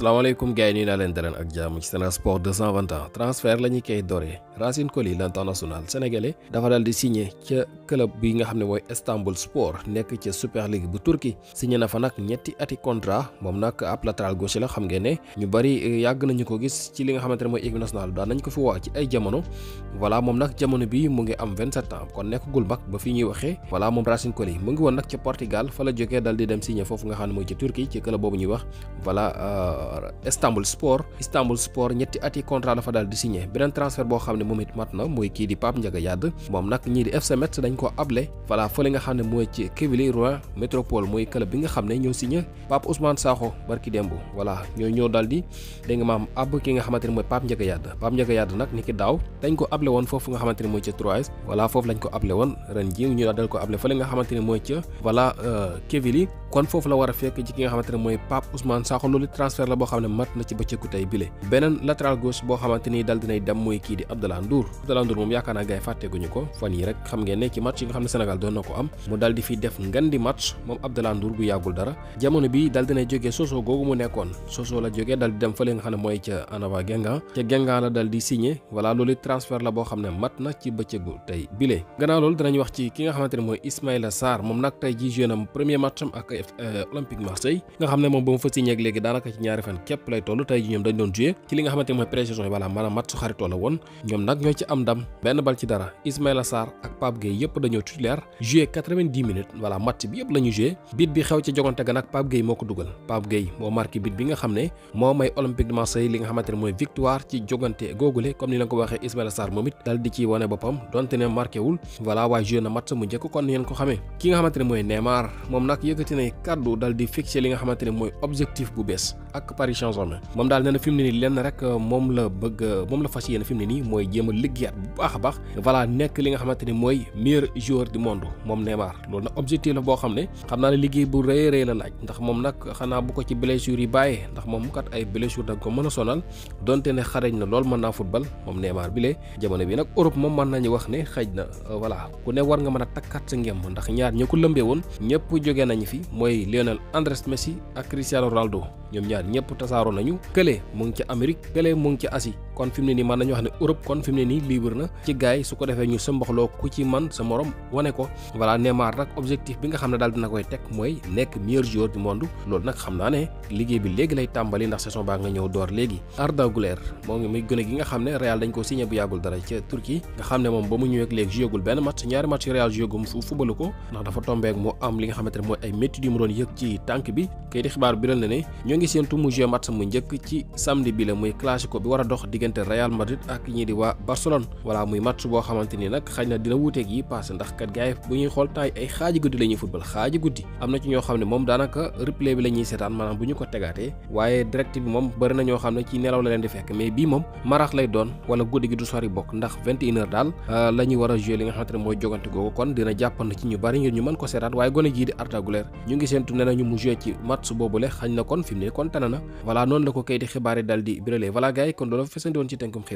asalaamaaleykum gars yi nuyu naa leen daleen ak jàmm ci Sen Sport 221 transfert la ñu koy doree rasin Colly l'international sénégalais dafa dal di signer ci club bi nga xamné moy Istanbul Sport nek ci Super League bu Turki signé na fa nak ñetti ati contrat momnak nak ap latéral gauche la xam ngeen ne ñu bari eh, yag nañu ko gis ci li nga xamante moy équipe nationale da nañ ko fi wa ci ay jamono voilà mom nak jamono bi mu ngi am 27 ans kon nekkagul mag ba fi ñi waxé voilà mom Racine mu ngi won nak ci Portugal fa la joggé dal di dem signé fofu nga xamné moy ci Turki ci club bobu ñi wax voilà euh, Istanbul Sport Istanbul Sport ñetti ati contrat la fa dal di signé benen transfert bo xamné momit matna moy ki di pap njaga yad moom nak ñi di FC met dañ ko able voilà fële nga xamné moy ci kevili roi Métropole moy club bi nga xamné ñoo signé pap Ousmane saxo barki dembu voilà ñoo ñoo daldi di nga maam ab ki nga xamanteni moy pap njaga yad pap njaga yad nak niki daw ki dañ ko able won fofu nga xamanteni moy ci 3S voilà fofu lañ ko able won ren ji ñu dal ko able fële nga xamanteni moy ci ca voilà Quevilly euh, kon fofu la wara fekk ci ki nga xamanteni moy pap Pape Ousmane Sakho loolu transfert la bo xamné mat na ci bëccëgu tay bilé benen latéral gauche bo xamanteni dal dinay dem moy ki di Abdallah Birane Ndour Birane mom yakana gay faté guñu ko fan rek xam ngeen ne ci match yi nga xam Sénégal am mu daal di fi def ngandi match mom Abdoulaye Ndour bu yagul dara jamono bi daal dina joggé Soso googu mu nekkoon Soso la joggé daal di dem fele nga moy ci Anava genga ca genga la dal di signé wala loolu transfert la bo xam mat na ci bëccëgu tay bile gëna loolu dinañ wax ci ki nga xamante moy Ismaïla Sarr mom nak tay ji jeunam premier match am ak euh, Olympique Marseille nga xam mom bu mu fa signé ak léegi daanaka ci ñaari fan képp lay tollu tay ji ñoom dañ doon jouer ci li nga xamante moy pré-saison wala voilà match xaritoo la ñoom nag ñoo ci am ndam benn bal ci dara Ismaïla Sarr ak Pape Gueye yëpp dañoo titulaire joué 90 minutes voilà bi yëpp la ñu bit bi xew ci jogante ga nag Pape moo ko dugal Pape Gueye moo marqué bit bi nga xam ne moo may Olympique de Marseille li nga xamante ne mooy victoire ci jogante googule comme ni la ko waxee Ismaïla Sarr moom it dal ci wane boppam donte ne marqué wul waaye joué na match mu njëkk kon ngeen ko xamee ki nga xamante mooy Neymar jéem a liggéeyaat bu baax a baax voilà nekk li nga xamante ni mooy meilleur joueur du monde moom Neymar loolu nag objectif la boo xam ne xam naa ne liggéey bu rëy rëy la laaj ndax moom nag xanaa bu ko ci blessure yi bàyyee ndax moom kat ay blessure nag ko mën a sonal donte ne xarañ na lool mën naa football moom Neymar bi lee jamono bi nag Europe moom mën nañu wax ne xëj na euh, voilà ku ne war nga mën a takkaat sa ngem ndax ñaar ñoo ko lëmbee woon ñëpp jógee nañu fi mooy Lionel Andrés Messi ak Cristiano Ronaldo ñoom ñaar ñëpp tasaaroo nañu kële mu ngi ci Amérique kële mu ngi ci Asie kon fi mu ne nii mën nañu wax ne Europe kon fi mu ne nii libre na ci gaay su ko defee ñu sëmbaxloo ku ci man sa morom wane ko voilà Neymar nag objectif bi nga xam ne daal dina koy teg mooy nekk meilleur joueur du monde loolu nag xam naa ne liggéey bi léegi lay tàmbali ndax saison baa nga ñëw door léegi Arda Güler moom muy gone gi nga xam ne Real dañ ko signé bu yàggul dara ca Turquie nga xam ne moom ba mu ñëwee léegi jiyagul benn match ñaari match yu Real jiyagum fubalu ko ndax dafa tombeek mu am li nga xamante ne mooy ay métti yu mu doon yëg ci tànk bi kayiti xibaar biral na ne ñoo ngi séentu mu joué match mu njëkk ci samedi bi la muy classico bi war a dox diggante Real Madrid ak ñii di muy match boo xamante ni nag na dina wuuteeg yi passé ndax kat gaay bu ñuy xool taay ay xaaji na ci xam ne moom daanaka replay bi la ñuy seetaan ko tegaatee waaye direct bi moom bëri ñoo xam ne ci nelaw la leen di fekk mais bii moom marax lay doon wala guddi gi du sori bokk ndax vingt et une daal euh, la ñuy war a li nga xamante mooy jogante googu kon dina jàppand ci ñu bëri ñu mën ko seetaat waaye gone jii di Arda ñu ngi seentu ne nañu mu jouer ci match boobule xañ na kon fi ne kon tane na voilà noonu la ko kay xibaar yi daal di biralee voilà yi kon loolu fesandi woon ci tënkum